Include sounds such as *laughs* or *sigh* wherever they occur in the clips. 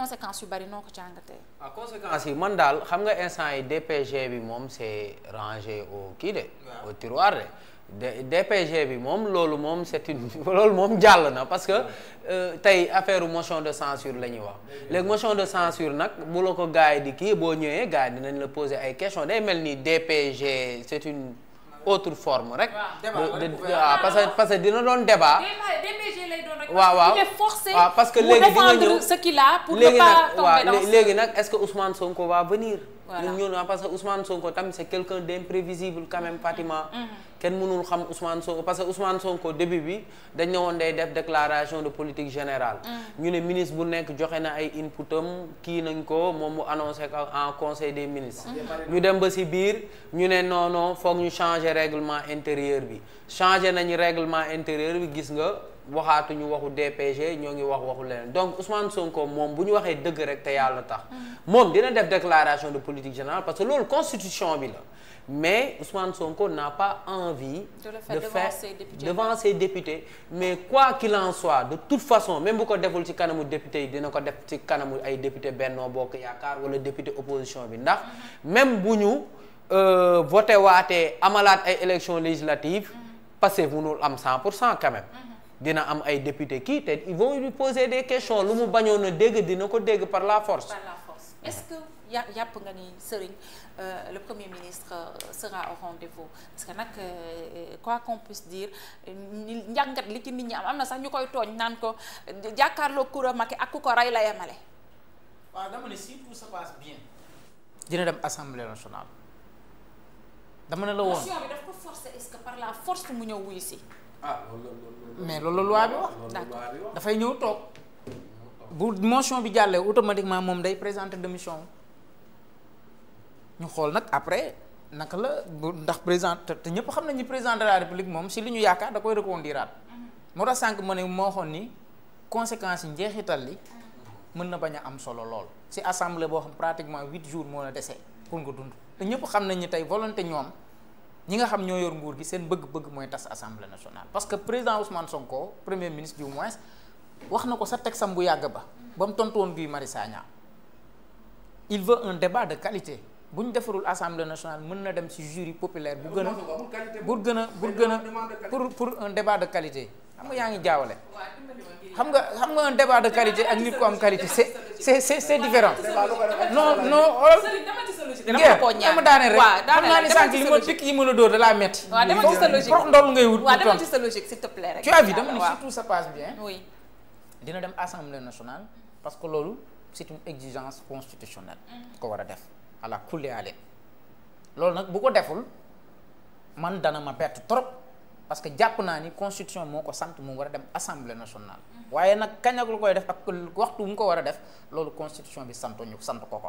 conséquences yu bari noo ko jàngatee. ah conséquences yi man daal xam nga instant yi DPG bi moom c'est rangé au kii de. au tiroir de. DPG bi moom loolu moom c'est une *laughs* loolu moom jàll na parce que euh, tey affaire motion de censure la ñuy wax léegi motion de censure nag bu la ko gars di kii boo ñëwee gars dinañ la poser ay questions day mel ni DPG c'est une autre forme rek. Ah, parce que parce que dina doon débat. waaw waaw waaw parce que léegi dina ñëw léegi nag waaw léegi nag est-ce que Ousmane Sonko va venir. voilà ñun ah, parce que Ousmane Sonko tamit c' est quelqu' un d' imprévisible quand même mm-hmm. Fatima. Mm-hmm. kenn mënul xam Ousmane Sonko parce que Ousmane Sonko début bi dañ ne woon day def déclaration de politique générale. Mm-hmm. ñu ne ministre bu nekk joxe na ay inputam kii nañ ko moom mu annoncé ko en conseil des ministres. ñu dem ba si biir ñu ne non foog ñu changer règlement intérieur bi changer nañu règlement intérieur bi gis nga. waxaatuñu waxu DPG ñoo ngi wax waxu leneen donc Ousmane Sonko moom bu ñu waxee dëgg rek te yàlla tax. Mm-hmm. moom dina def déclaration de politique générale parce que loolu constitution bi la mais Ousmane Sonko n'a pas envie. de faire de devant faire ses mais quoi qu'il en soit de tout façon même bu ko deful ci kanamu député yi dina ko def ci kanamu ay député Benno Bokk Yaakaar wala député opposition bi ndax mm-hmm. même bu ñu euh, voté waate amalaat ay élections législatives. Mm-hmm. Pastef mënul am 100 pour cent quand dina am ay député kii te ils vont lui poser des questions lu mu bañoon a dégg dina ko dégg par la force. par est-ce que yà yàpp nga ni Serigne euh, le premier ministre euh, sera au rendez-vous parce que nag euh, quoi qu'on puisse dire njàngat li ci nit ñi am am na sax ñu koy tooñ naan ko jàkkaarloo Coura Macky ak ku ko rey la yemale. waaw dina dem assemblée nationale. dama ne la woon ah mais loolu la loi bi wax. d'accord dafay ñëw toog. bu motion bi jàllee automatiquement moom day présenter démission ñu xool nag après naka la bu ndax président te ñëpp xam nañ ñi président de république moom si li ñu yaakaar da koy reconduiraat. Mhm. moo tax sànq ma ne moo waxoon ni conséquences yi njeexital li mën na bañ a am solo lool si assemblée boo xam pratiquement huit jours moo la dese pour nga dund te ñëpp xam nañ ñi tey volonté ñoom. ñi nga xam ñoo yor nguur gi seen bëgg-bëgg mooy tas assemblée nationale parce que président Ousmane Sonko premier ministre du moins wax na ko sa sam bu yàgg ba ba mu tontu woon Guy Marius Sagna il veut un débat de qualité bu ñu defarul assemblée nationale mën na dem ci jury populaire bu gën a bu gën a bu gën a pour pour un débat de qualité xam nga yaa ngi jaawale. xam nga xam nga un débat de qualité ak nit ku am qualité c'est c'est c'est différent oh, dama ko rek naa ne sànq li ma yi ma la dóor da laa metti waaw sa logique foofu ndool ngay wut waaw dama ci sa logique dina dem assemblée national parce que loolu c'est une exigence constitutionnelle mm. ko war a def à la kulli aale loolu nag bu ko deful man dana ma perte trop parce que jàpp naa ni constitution moo ko sant mu war a dem assemblée nationale. waaye nag kañ ak lu koy def ak waxtu mu ko war a def loolu constitution bi sant ñu sant ko ko.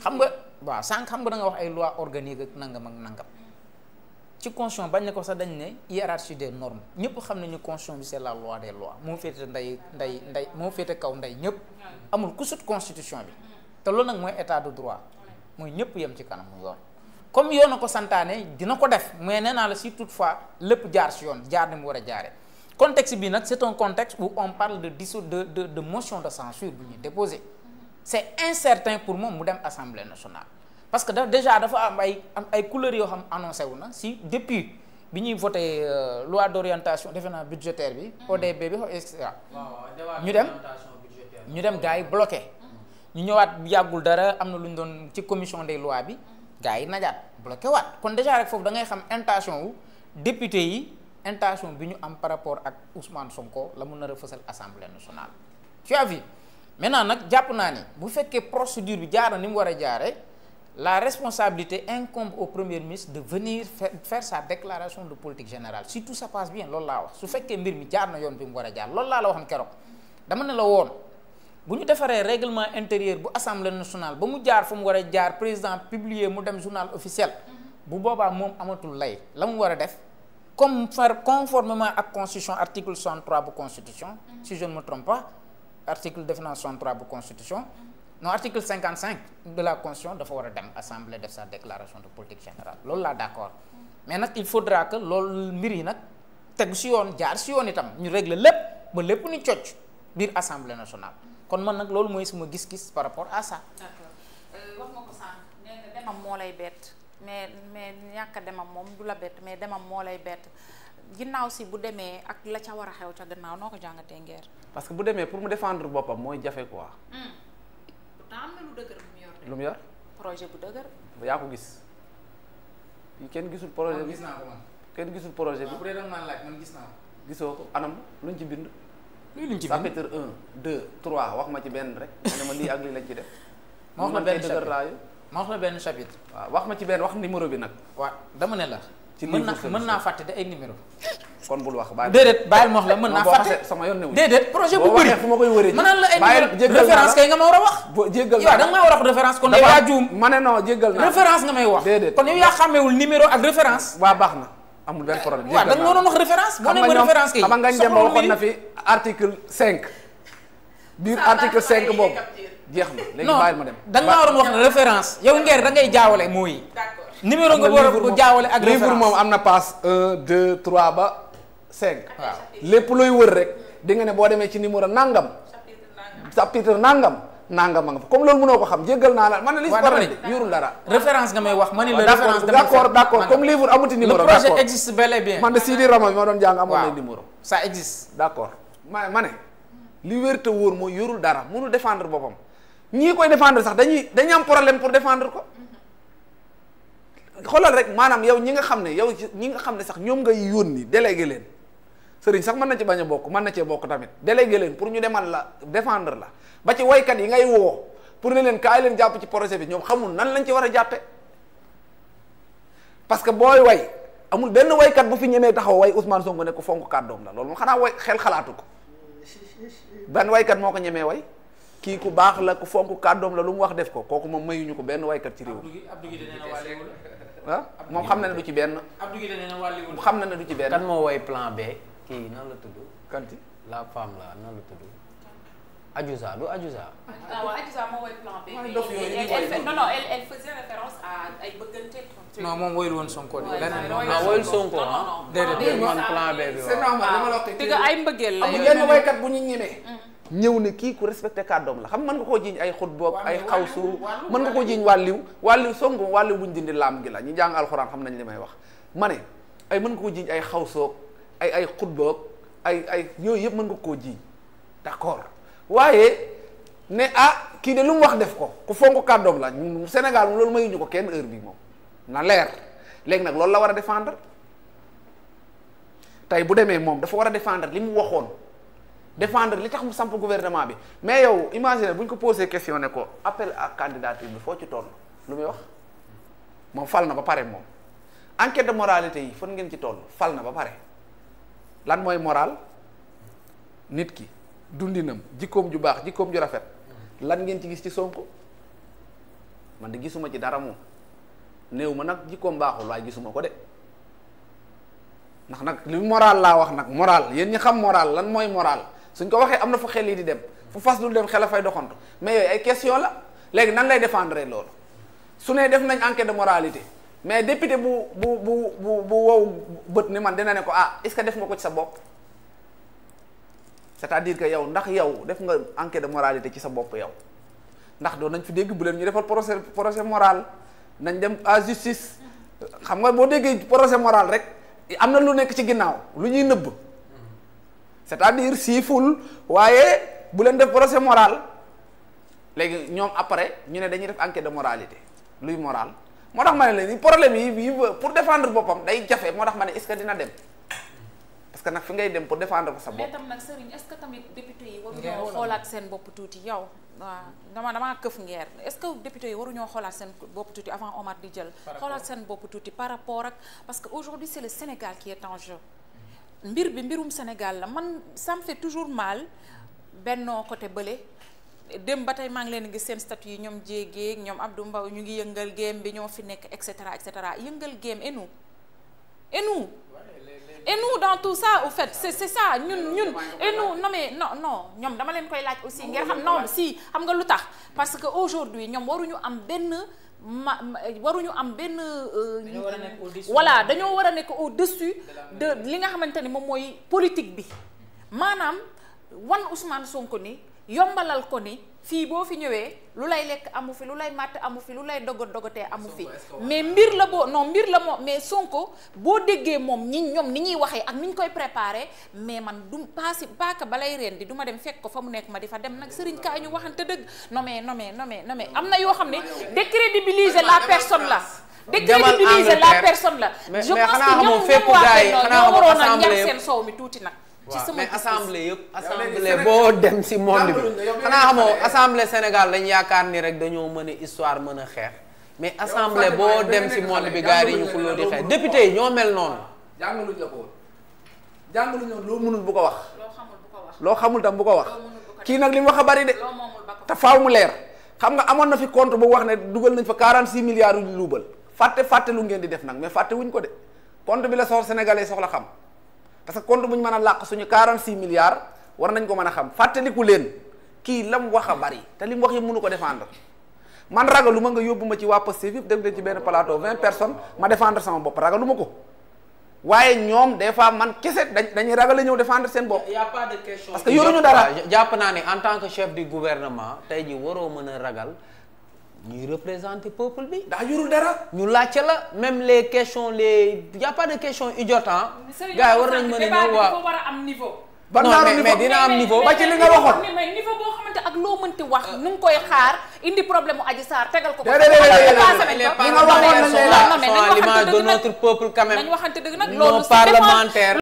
xam nga waaw sànq xam nga danga wax ay loi organique ak nangam ak nangam. ci constitution bañ ne ko sax dañ ne hiérarchie de normes ñëpp xam nañu constitution bi c'est la loi des lois moo féete ndey ndey ndey moo féete kaw ndey ñëpp. amul ku constitution bi. te loolu nag mooy état de droit. mooy ñëpp yem ci kanam yoon. comme yoon ko santaane dina ko def mais nee naa la si fois lépp jaar si yoon jaar ni mu war a jaaree contexte bi nag c'est un contexte où on parle de disso de de de motion de censure bu ñuy déposé c'est incertain pour moom mu dem assemblée nationale parce que da déjà dafa am ay ay couleurs yoo xam annoncé wu na si depuis bi ñuy voté euh, loi d'orientation defe naa budgétaire bi mm-hmm. ODB bi et cetera ñu dem ñu dem gars yi bloqué mm-hmm. ñu ñëwaat yàggul dara am na lu ñu ci commission des lois bi mm-hmm. gars yi najaat bloqué waat kon déjà rek foofu da ngay xam intention wu député yi intention bi ñu am par rapport ak Ousmane Sonko la mun na fësal assemblée nationale. tu as vu maintenant nag jàpp naa ni bu fekkee procédure bi jaar na ni mu war a jaare la responsabilité incombe au premier ministre de venir faire sa déclaration de politique générale si tout ça passe bien loolu laa wax su fekkee mbir mi jaar na yoon bi mu war a jaar lool laa la waxoon keroog bu ñu defaree règlement intérieur bu assemblée nationale ba mu jaar fu mu war a jaar président publier mu dem journal officiel bu boobaa moom amatul lay la mu war a def comme faire conformément ak constitution article 63 bu constitution si je ne me trompe pas article defe naa 63 bu constitution non article 55 de la constitution dafa war a dem assemblée def sa déclaration de politique générale loolu laa d'accord mais nag il faudra que loolu mbir yi nag tegu si yoon jaar si yoon itam ñu régler lépp ba lépp ni cocc biir assemblée nationale kon man nag loolu mooy suma gis-gis par rapport à ça. d'accord euh, wax moo lay bett mais mais ñàkk a demam moom du la bett mais demam moo lay bett ginnaaw si bu demee ak la ca war a xew ca gannaaw noo ko jàngatee ngeer. parce que bu demee pour mu défendre boppam mooy jafe quoi. Hmm. pourtant am na lu mu yor projet bu dëgër. yaa ko gis kenn gisul projet bi. Ah, gis naa ko man kenn gisul projet bi. bu dee da nga laaj man gis naa ko. gisoo ko anam luñ ci bind. luñ ci chapitre un deux trois wax ma ci benn rek ne ma lii ak lii lañ ci def. ma wax la benn chapitre waa wax la benn chapitre. wax ma ci benn wax numéro bi nag. waaw dama ne la. ci mën naa naa fàtte de ay numéro kon bul wax bàyyi déedéet bàyyil ma wax la mën naa fàtte sama yoon newu déedéet projet bu bëri ma koy wëree mën naa la ay numéro référence kay nga ma war a wax jéggal yow da nga war a wax référence kon yow yaa juum ma ne non jéggal naa référence nga may wax déedéet kon yow yaa xàmmewul numéro ak référence waa baax na amul benn problème. waaw da nga waroon wax référence. boo na fi article biir article 5 boobu. jeex na léegi bàyyil ma dem. da nga waroon wax référence yow Nguer da ngay jaawale mooy yi. numéro nga war ko jaawale ak moom am na passe 1 2 3 ba cinq waaw lépp looy wër rek di nga ne boo demee ci numéro nangam. chapitre nangam. nanga ma nga fa comme loolu mënoo ko xam jéggal naa la man ne li si yurul dara référence nga may wax ma ni la ah, référence d'accord d'accord comme livre amuti numéro le projet existe man de Sidi Rama bi ma doon na numéro ça existe d'accord ma ma ne li wér te wóor mooy yorul dara mënu défendre boppam ñii koy défendre sax dañuy dañuy am problème pour défendre ko xoolal rek maanaam yow ñi nga xam ne yow ñi nga xam ne sax ñoom ngay yónni délégué leen sëriñ sax mën na ci bañ a bokk mën na cee bokk tamit délégué leen pour ñu deman la défendre la ba ci waykat yi ngay woo pour ne leen kaay leen jàpp ci projet bi ñoom xamul nan lañ ci war a jàppe parce que booy way amul benn waykat bu fi ñemee taxaw way Ousmane Sonko ne ko fonk kàddoom la loolu moom xanaa xalaatu ko ban waykat moo ko ñemee way kii ku baax la fonk kàddoom la lu mu wax def ko kooku moom mayuñu ko benn waykat ci réew mi ah moom xam na ne du ci benn. Abdou Guèye xam na ne du ci benn. kan moo way plan kii nan la tudd. kanti la femme la nan la tudd. Adjouza du Adjouza. ah waaw Adjouza moo woy plan B. non non elle elle faisait référence à ay bëggante. non moom woyul woon Sonko de. leneen ah woyul Sonko ah. ah. déedéet man ah, plan B ah. bi waaw. ay mbëggeel la amul yenn woykat bu ñu ñemee. ñëw ne kii ku respecté kàddoom la xam mën nga koo jiiñ ay xut boog ay xawsu mën nga koo jiiñ wàlliw wàlliw songo wàlliw bu ñu dindi laam gi la ñu jàng alxuraan xam nañ li may wax ma ne ay mën nga koo jiiñ ay xawsoog ay ay xutboog ay ay yooyu yëpp mën nga koo jiiñ d'accord waaye ne ah kii de lu mu wax def ko ku fonk kàddoom la ñun Sénégal loolu mayuñu ko kenn heure bi moom na leer léegi nag loolu la war a défendre tey bu demee moom dafa war a défendre li mu waxoon défendre li tax mu samp gouvernement bi mais yow imagine buñ ko posé question ne ko appel à candidature bi foo ci toll lu muy wax moom fal na ba pare moom enquête moralité yi fan ngeen ci toll fal na ba pare lan mooy moral nit ki dundinam jikkoom ju baax jikkoom ju rafet lan ngeen ci gis ci Sonko man de gisuma ci dara moom néew ma nag jikkoom baaxul waaye gisuma ko de ndax nag li moral laa wax nag moral yéen ñi xam moral lan mooy moral suñ ko waxee am na fu xel yi di dem fu fas lu dem xel a fay doxantu mais yooyu ay question la léegi nan lay défendre loolu su nee def nañ enquête de mais député bu bu bu bu bu wow bët ni man dina ne ko ah est-ce que def nga ko ci sa bopp c'est-à-dire que yow ndax yow def nga enquête de moralité ci sa bopp yow ndax doon nañ fi dégg bu leen ñu defal procès procès moral nañ dem à justice xam nga boo déggee procès moral rek am na lu nekk ci ginnaaw lu ñuy nëbb c'est-à-dire siiful waaye bu leen def procès moral léegi ñoom après ñu ne dañuy def enquête de moralité luy moral moo tax ma ne la problème yi yi pour défendre boppam day jafe moo tax ma ne est-ce que dina dem parce que nag fi ngay dem pour défendre ko sa bopp. mais tam nag Serigne est-ce que tamit député yi waruñoo xoolaat seen bopp tuuti yow. waaw dama këf ngeer est-ce que député yi waruñoo xoolaat seen bopp tuuti avant Omar di jël. xoolaat seen bopp tuuti par rapport ak parce que aujourd'hui c'est le Sénégal qui est en mbir bi mbirum Sénégal la man ça fait toujours mal bennoo côté bële. dem ba tey maa ngi leen gis seen statut yi ñoom jéegéeg ñoom Abdou Mbaw ñu ngi yëngal game bi ñoo fi nekk et cetera et yëngal game et nous et nous et dans tout ça au fait c'est c'est ça ñun ñun et nous non mais non non ñoom dama leen koy laaj aussi ngeen xam non si xam nga lu tax parce que aujourd'hui ñoom waruñu am benn ma waruñu am benn euh, voilà dañoo war a nekk au-dessus de li nga xamante ni moom mooy politique bi maanaam wan Ousmane Sonko ni yombalal ko ni fii boo fi ñëwee lu lay lekk amu fi lu lay matt amu fi lu lay dogot dogotee amu fi mais mbir la boo non mbir la moom mais Sonko boo déggee moom ñi ñoom ni ñuy waxee ak ni ñu koy préparé mais man du paasi paaka balay reen di duma ma dem fekk ko fa mu nekk ma di fa dem nag sëriñ kaa ñu waxante dëgg non mais non mais non mais non mais am na yoo xam ne décrédibiliser la personne la décrédibiliser la personne la je pense que ñoom ñoom waa ñoo waroon a ñam seen soow mi tuuti nag ci sama mais assemblée yëpp. assemblée boo dem si monde bi. xanaa xamoo assemblée Sénégal lañ yaakaar ni rek dañoo mën a histoire mën a xeer mais assemblée boo dem si monde bi gars yi ñu xuloo di xeex député yi ñoo mel noonu. jàngaluñ la ko woon jàngaluñ loo mënul bu ko wax. loo xamul tam bu ko wax. kii nag li mu wax a bari de. te faaw mu leer. xam nga amoon na fi compte bu wax ne dugal nañ fa 46 milliards yu luubal fàtte fàtte lu ngeen di def nag mais fàtte wuñ ko de compte bi la soxla sénégalais soxla xam parce que compte bu ñu mën a làq suñu 46 milliards war nañ ko mën a xam fàttaliku leen kii lam wax a bari te li mu wax yëpp mënu ko défendre man ragalu ma nga yóbbu ma ci waa Pastef yëpp dem leen ci benn plateau 20 personnes ma défendre sama bopp ragalu ma ko waaye ñoom des fois man kese dañ dañuy ragal a ñëw défendre seen bopp. y' parce que ñu dara. jàpp naa ne en tant que chef du gouvernement tey ji waroo mën a ragal. ñuy représenter peuple bi. daa yorul dara. ñu laajte la même les questions les y' a pas de questions idiotes ah. gars yi war nañ mën a ñëw waaw war a am niveau. ba mais mais dina am niveau. ba ci li nga waxoon mais niveau boo xamante ak loo mënti wax. Euh, nu ngi koy xaar indi problème mu Adji Sarr tegal ko. déedéet déedéet les parlementaires sont à l'image de notre peuple quand même. nañu waxante dëgg nag loolu c'est parlementaire.